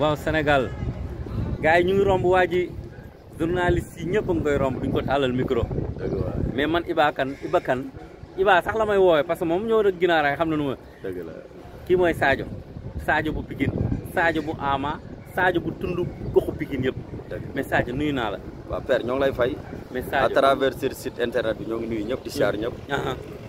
waaw Sénégal gars yi ñu ngi romb waa ji journaliste yi ñëpp a ngi koy romb duñ ko tàllal micro. mais man Iba Kane Iba Kane Iba sax la may woowee parce que moom ñëw dëkk ginnaaraay xam na nu ma. dëgg la kii mooy Sadio Sadio bu Pikine Sadio bu Ama Sadio bu tund goxu yëpp. mais Sadio nuyu naa la. waaw ñoo ngi lay fay. mais Sadio à travers internet bi ñoo ngi ñëpp di siyaar ñëpp.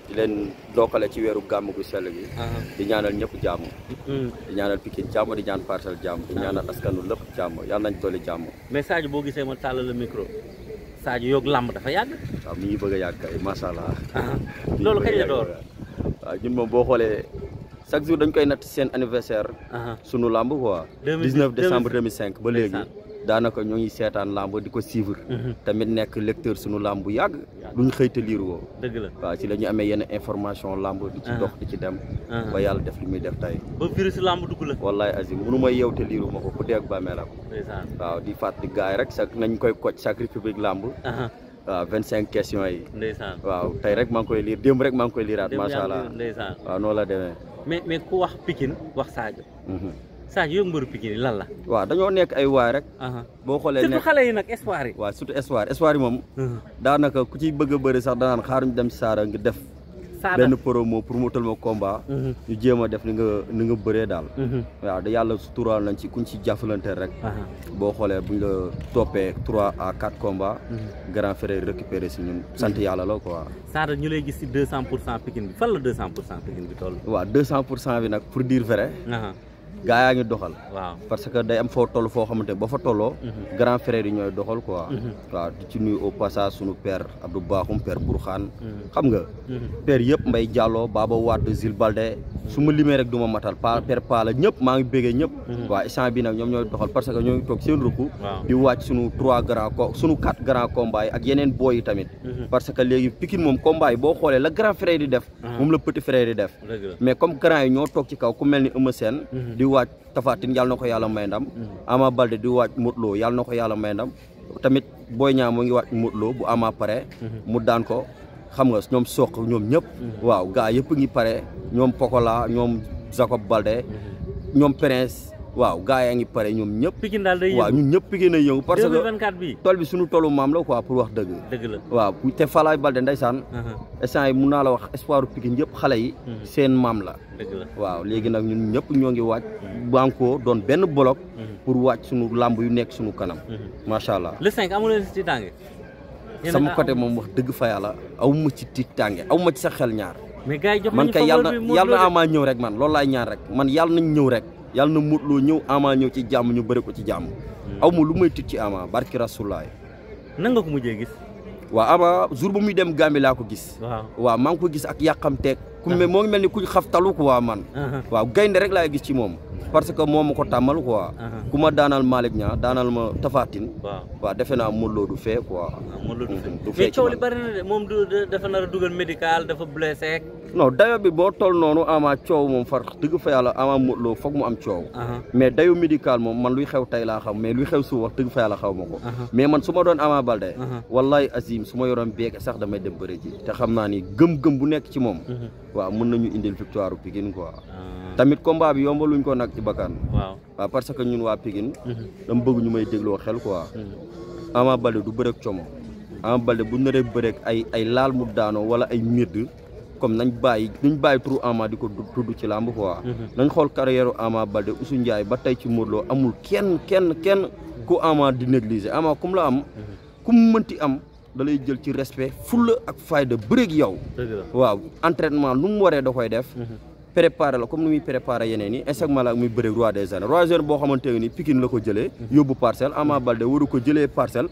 di leen dookale ci weeru gàmm gu sell bi ah. di ñaanal ñëpp jàmm hmm. di ñaanal Pikine jàmm di ñaan Parcelles jàmm di ñaanal askanu lépp jàmm yàlla nañ dolli jàmm mais Sadio boo gisee ma tàllal la micro Sadio yoog làmb dafa yàgg waaw mi ngi bëgg yàgg kay macha allah ah. loolu kañ la ñun moom boo xoolee chaque jour dañ koy natt seen anniversaire ah. sunu làmb quoi 19 décembre 2005 ba léegi daanaka ñoo ngi seetaan làmb di ko suivre. Mhm. tamit nekk lecteur sunu lamb bu yàgg. duñ xëy te liir woo. dëgg la waaw ci la ñu amee yenn information lamb di ci mhm. dox di ci dem. Mhm. ba yàlla def li muy def tey. ba virus làmb dugg la. wallaay azim mënu may yeew te liiru ma ko ku dee ak bàmmeelam. waaw di fàttali gars yi rek chaque nañ koy koj chaque république lamb waaw vingt cinq questions yi. ndeysaan waaw tey rek maa ngi koy liir démb rek maa ngi koy liiraat. macha allah waaw noonu la demee. mais mais ku wax Pikine Sadio yow mbëru Pikine lan la. waaw dañoo nekk ay waay rek. boo xoolee nekk surtout xale yi nag espoir yi. waaw surtout espoir espoir yi moom. daanaka ku ci bëgg a sax danaan xaar ñu dem si Saara def. benn promo pour mu tël ma combat. ñu jéem a def ni nga bëree daal. waaw da yàlla suturaal nañ ci kuñ ci jàppalante rek. boo xoolee buñ la toppee trois a quatre combats. grand frère récupéré si ñun sant yàlla la quoi. Saara ñu lay gis si deux cent pour cent Pikine gaa yaa ngi doxal. waaw parce que day am foo toll foo xamante ba fa tolloo. Mhm. grand frère yi ñooy doxal quoi. Mhm. waaw di ci nuyu au passage sunu père Abdou Bakhoum père Bourkhane. Mhm. xam nga. per yëpp mbay Diallo Baba Wade Zil Balde. su ma limee rek du ma matal pa per pa la ñëpp maa ngi béggee ñëpp mhm. waaw instant bi nag ñoom ñooy parce que ñoo ngi toog seen ruku di wàcc suñu trois grand co suñu quatre grand combat yi ak yeneen boy tamit mhm. parce que léegi Pikine moom combat yi boo xoolee la grand frère di def ah. moom la petit frère di def mais comme grand yi ñoo toog ci kaw ku mel ni Eumeu mhm. di wàcc Tapha Tine yàlla na may ndam Ama Baldé di wàcc Modou Lo yàlla na may ndam tamit xam nga ñoom soq ñoom ñëpp. Mm-hmm. waaw gaa yëpp ngi pare ñoom Pokola ñoom Jacob Balde. Mm-hmm. ñoom Prince. waaw gaa yaa ngi pare ñoom ñëpp. Pikine daal day yëngu waaw ñun ñëpp Pikine day yëngu. parce que 2024 bi tool bi suñu toolu maam la quoi pour wax dëgg. dëgg la waaw te Falaay Balde ndeysaan. Uh-huh. instant yi mun naa la wax espoir Pikine yëpp xale yi. Mm-hmm. seen maam la. dëgg la waaw léegi nag ñun ñëpp ñoo ngi waaj. banko doon benn bloc. pour waaj suñu làmb yu nekk suñu kanam. macha allah. le 5 amuleen ci tànge. sama côté moom wax dëgg fa yàlla aw ma ci tiitànge aw ma ci sa xel ñaar. mais gars yi jox man kay yàlla na yàlla na Ama ñëw rek man loolu laay ñaan rek man yàlla nañ ñëw rek yàlla na Modou Lô ñëw Ama ñëw ci jàmm ñu bëri ko ci jàmm. Hmm. aw ma lu may tiit ci Ama barki rasulaay. nan nga ko mujjee gis. waa Ama jour bu muy dem Gambie laa ko gis. waa waaw maa ngi ko gis ak yàqam teeg. ku ah. mel moo ngi mel ni kuñ xaftalu ko waa man. Ah. waaw gaynde rek laay gis ci moom. parce que moo ma ko tàmmal quoi. ku ma daanal Malick Niang ma Tafatine. waaw waaw defe naa fee quoi. Ah, Modou mm-hmm, fee mais coow li bari de moom du dafa nar a dafa blessé. non dayo bi boo toll noonu ama coow moom far dëgg fa yàlla ama Modou Lo foog mu am coow mais dayo médical moom man luy xew tey laa xam mais luy xew suuf wax dëgg fa yàlla xaw ma ko mais man su ma doon Ama Baldé wallahi azim su ma yoroon beeg sax damay dem bëre ji te xam naa ni gëm-gëm bu nekk ci moom mhm. waaw mën nañu indil victoire Pikine quoi ah. tamit combat bi yombaluñ ko nag ci bakkan waaw parce que ñun waa Pikine mhm. dama bëgg ñu may dégloo xel ko mhm. Ama Baldé du bëreeg como Ama Baldé bu naree bëreeg ay ay laal daanoo wala ay midd comme nañ bàyyi nañ bàyyi turu Ama di ko tudd ci làmb quoi. Mhm. nañ xool carrière Ama Balde Ousou Ndiaye ba ci Modou amul kenn kenn kenn ku Ama di négliger Ama kum la am. Mhm. kum mënti am. da lay jël ci respect fulla ak fayda bëreeg yow. waaw entraînement lu mu waree da koy def. Mhm. préparé la comme ni muy préparé yeneen yi muy bëreeg roi des arènes roi des boo xamante ne nii Pikine la ko jëlee. yóbbu parcelle Ama Balde waru ko jëlee parcelle.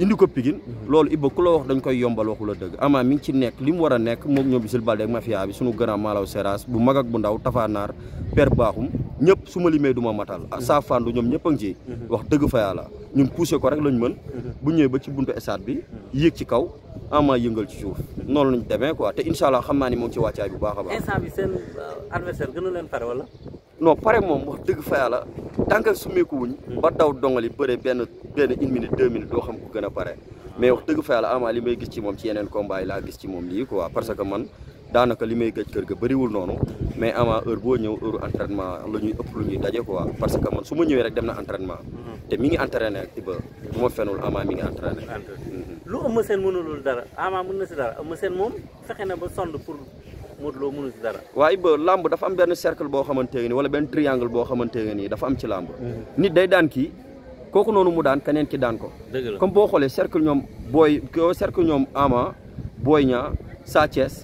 indi ko Pikine loolu Iba ku la wax dañ koy yombal waxu la dëgg Ama mi ngi ci nekk li mu war a nekk moom ñoom Bisil Balde ak mafia bi sunu grand Malaw Seras bu mag ak bu ndaw Tafanaar Père Baaxum ñëpp su ma limee du ma matal mhm. saa fandu ñoom ñëpp a ci mhm. wax dëgg fa yàlla ñun poussé ko rek lañ mën mhm. bu ñëwee ba ci buntu stade bi yéeg ci kaw Ama yëngal ci suuf noonu lañ demee quoi te incha allah xam naa ni moom ci wàccaay bu baax a baax instant bi seen adversaire non pare moom wax dëgg fa yàlla tant wuñ hmm. ba daw dongali bëre benn benn une minute doo xam ko gën pare mais wax dëgg fa yàlla li may gis ci moom ci yeneen combat yi laa gis ci moom lii quoi parce que man daanaka li may gëj kër ga bëriwul noonu mais Ama heure boo ñëw heure entraînement la ñuy ëpp lu ñuy daje quoi parce que man su ma ñëwee rek dem na entraînement hmm. te mi ngi entraîné ak Iba ma fenul Ama mi ngi entraîné hmm. lu Modou Lo mënu ci dara. waaye ba làmb dafa am benn cercle boo xamante ne wala benn triangle boo xamante ne nii dafa am ci làmb. Mhm. nit day daan kii kooku noonu mu daan keneen ki daan ko. dëgg la comme boo xoolee cercle ñoom booy ko cercle ñoom Ama Boy Niang Sa Thiès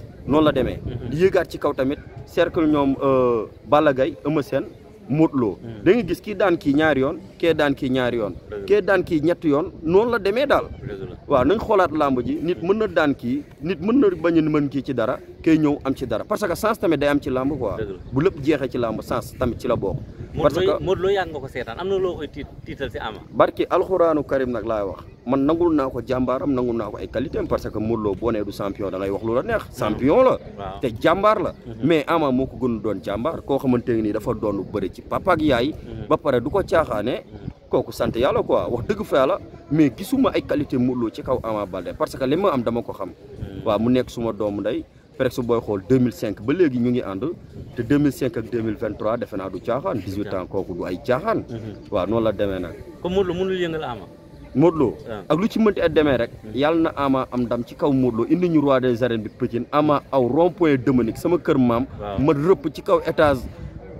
la demee. Mhm. di yëgaat ci kaw tamit cercle ñoom euh, Balla Gaye Eumeu Sène Modou Lo hmm. gis kii daan ki ñaari yoon kee daan kii ñaari yoon kee daan kii ñetti yoon noonu la demee daal waaw nañ xoolaat làmb ji nit mën na daan kii nit mën na bañ a mën kii ci dara kee ñëw am ci dara parce que sens tamit day am ci làmb quoi bu lépp jeexee ci làmb sens tamit ci la boo parce que Modou Lo yàgg nga ko seetaan am na loo koy tiital si ama barki alxuraanu karim nag laay wax man nangul naa ko jàmbaaram nangul naa ko ay qualité parce que Modou Lo boo nee du champion da ngay wax lu la neex champion la te jàmbaar la mhm. mais Ama moo ko gën doon jàmbaar koo xamante ne nii dafa doon bëri ci papa ak yaay mhm. ba pare du ko caaxaane mhm. kooku sant yàlla quoi wax dëgg fa yàlla mais gisuma ay qualité Modou Lo ci kaw Ama Baldé parce que li ma am dama ko xam waaw mu nekk suma doomu ndey presque booy xool 2005 ba léegi ñu ngi ànd te 2005 ak 2023 defe naa du caaxaan 18 ans kooku du ay caaxaan la demee nag comme Modou Lo Modou Lo ah. ak lu ci mënti at demee rek hmm. yàlla na Ama am ndam ci kaw Modou Lo indi ñu roi des arènes bi Pikine Ama aw rond point sama kër maam ma rëpp ci kaw étage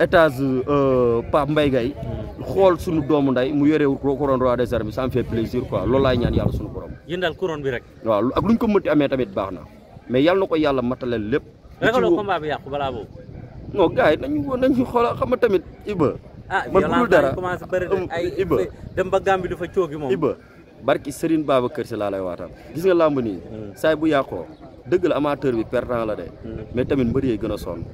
étage euh, Pape Mbaye Gaye hmm. xool suñu doomu nday mu yore couronne roi des arènes bi ça me fait plaisir quoi loolu laay ñaan yàlla suñu borom yéen daal rek waaw ak lu ñu ko mënti amee tamit baax na mais yàlla na ko yàlla mataleel lépp ragaloo combat bi yàqu balaa boobu non gars yi nañu nañu xam nga tamit Iba ah man dara commencé bëri um, ay Iba dem ba Gambie dafa coogi moom Iba barki Serigne Babacar Sy laa lay waatal gis nga làmb nii hmm. saay bu yàqoo dëgg la amateur bi perdant la de hmm. mais tamit mbër yi gën a sonn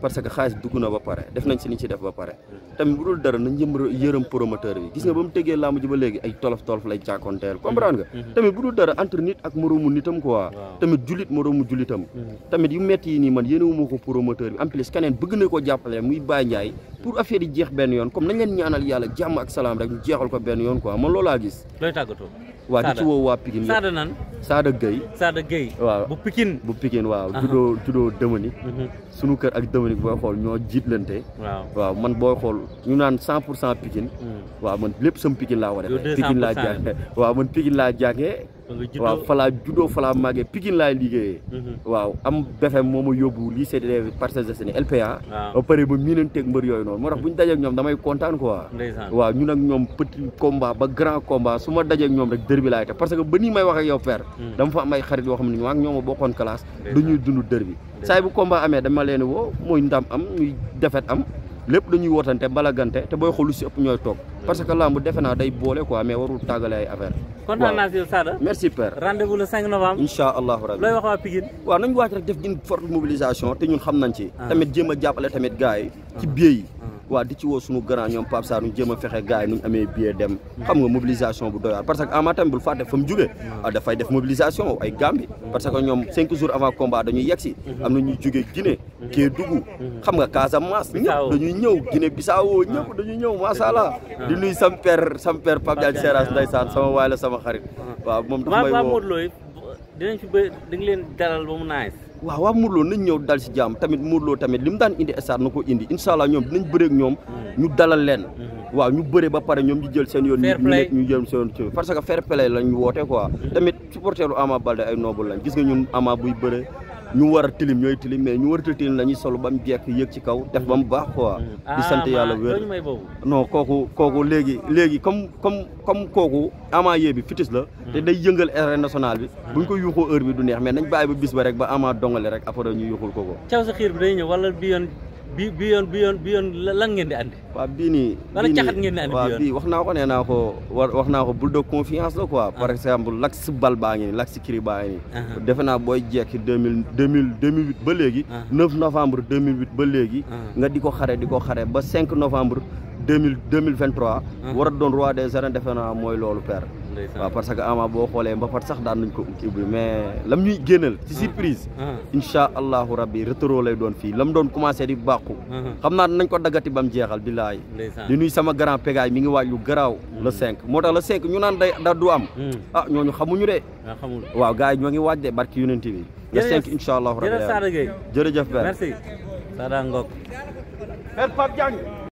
parce que xaalis dugg na ba pare def nañ si ni ci def ba pare tamit bu dul dara nañ jëm yërëm promoteur bi gis nga ba mu tegee làmb ji ba léegi ay tolof tolof lay jàkkoonteel hmm. comprendre nga hmm. tamit bu dul dara entre nit ak moroomu nitam quoi tamit julit moroomu julitam tamit yu metti yi nii man yéenewuma ko promoteur bi en plus keneen bëgg na ko jàppale muy Baye Ndiaye pour affaire yi jeex benn yoon comme nañ leen ñaanal yàlla jàmm ak salaam rek ñu ko benn yoon quoi man loolaa gis looy tàggatoo waaw di ci woo waa Pikine Saada nan Saada Gueye Saada Gueye waaw bu Pikine bu Pikine waaw juddoo juddoo Demanik mhm. sunu kër ak Demanik booy xool ñoo jiitlante waaw waaw man booy xool ñu naan cent pour cent Pikine mhm. waaw man lépp sam Pikine laa war a laa jàngee waaw man Pikine laa jàngee waaw falaa juddoo falaa màggee Pikine laay liggéeyee mhm. waaw am befem moo ma yóbbu lycée des Parcelles Assainies LPA ba pare ba miinanteeg mbër yooyu noonu moo tax bu ñu dajeek ñoom damay kontaan quoi waaw ñun ak ñoom petit combat ba grand combat su ma dajeek ñoom rek laay te parce que ba nii may wax ak yow père mhm. dama fa am ay xarit yoo xam ne ñu ak ñoom ma bokkoon classe dañuy dund dër bi saa bu combat amee dama leen woo mooy ndam am ñuy defet am lépp dañuy wotante gante te booy xool lu si ëpp ñooy toog mm. parce que làmb defe naa day boole quoi mais warul tàggale ay affaire kontaan naa merci père rendez-vous le 5 novembre allahu rabbi looy wax waa Pikine waaw nañu waaj rek def une forte mobilisation te ñun xam nañ ci ah. tamit jéem a jàppale tamit gars yi ci ah. biir yi ah. waaw di ci woo suñu grand ñoom Pape Sarr ñu a fexe gars yi nuñ amee billet dem xam nga mobilisation bu doy parce que ama tamit bul fàtte fa mu jógee ay Gambie parce que ñoom cinq jours avant combat dañuy yegsi mm-hmm. am na ñuy jógee Guinée Kédougou mhm. xam nga Casamance ñëpp dañuy ñëw Guinée Bissau ah. ñëpp dañuy ñëw macha allah ah. di nuy sam père sam père Pape Diagne Seras ndeysaan ah. sama waay la sama xarit waa moom dafa may woo dinañ fi bëri di nga leen dalal ba mu naaj waaw waaw Modou Lo nañ ñëw dal si jaam tamit Modou Lo tamit li mu daan indi estar na ko indi incha allah ñoom dinañ bëreeg ñoom mm. ñu dalal leen mm-hmm. waaw ñu bëre ba pare ñoom ñu jël seen yoon ñu nekk ñu jël seen yoon parce que fair play lañ woote quoi mm-hmm. tamit supporteru Ama Baldé ay noble lañ gis nga ñun Ama buy bëre ñu war a tilim ñooy tilim mais ñu war warta tilim la ñu sol ba mu jekk yëg ci kaw def ba mu baax quoi ah, di sant yàlla wér non kooku kooku léegi léegi comme comme comme kooku ama yee fitis la hmm. te day yëngal arène nationale bi buñ ko yuuxoo heure bi du neex mais nañ bàyyi ba bis ba rek ba ama dongale rek après ñu yuuxul koko caw sa bii bi yoon bi yoon bi yoon lan ngeen di andi. waaw bii nii lan caxat ngeen di andi wax naa ko naa ko war wax naa ko bul de confiance la quoi. par exemple Lax Bal baa ngi nii Lax Kiri baa ngi nii. Uh-huh. defe naa booy jekki deux mille deux mille deux mille ba léegi. 9 uh-huh. novembre 2008 ba léegi. Uh-huh. nga di ko xare di ko xare ba 5 novembre deux mille deux mille vingt trois. war a doon de des arènes defe mooy loolu père. waaw parce que ama boo xoolee mbapat sax daan nañ ko ubbi mais lam ñuy génnal ci ah. surprise ah. insha allahu rabbi retour lay doon fii lam doon commencé di bàqu ah. xam naa nañ ko daggati bam jeexal billaay di nuy sama grand pégaay mi ngi waaj lu garaaw hmm. le cinq moo tax le cinq ñu naan day da du am hmm. ah ñooñu xamuñu de waaw gars yi ñoo ngi waaj de barki yonent bi le cinq insha allahu rabbi jërëjëf Père merci Sada Ngok Père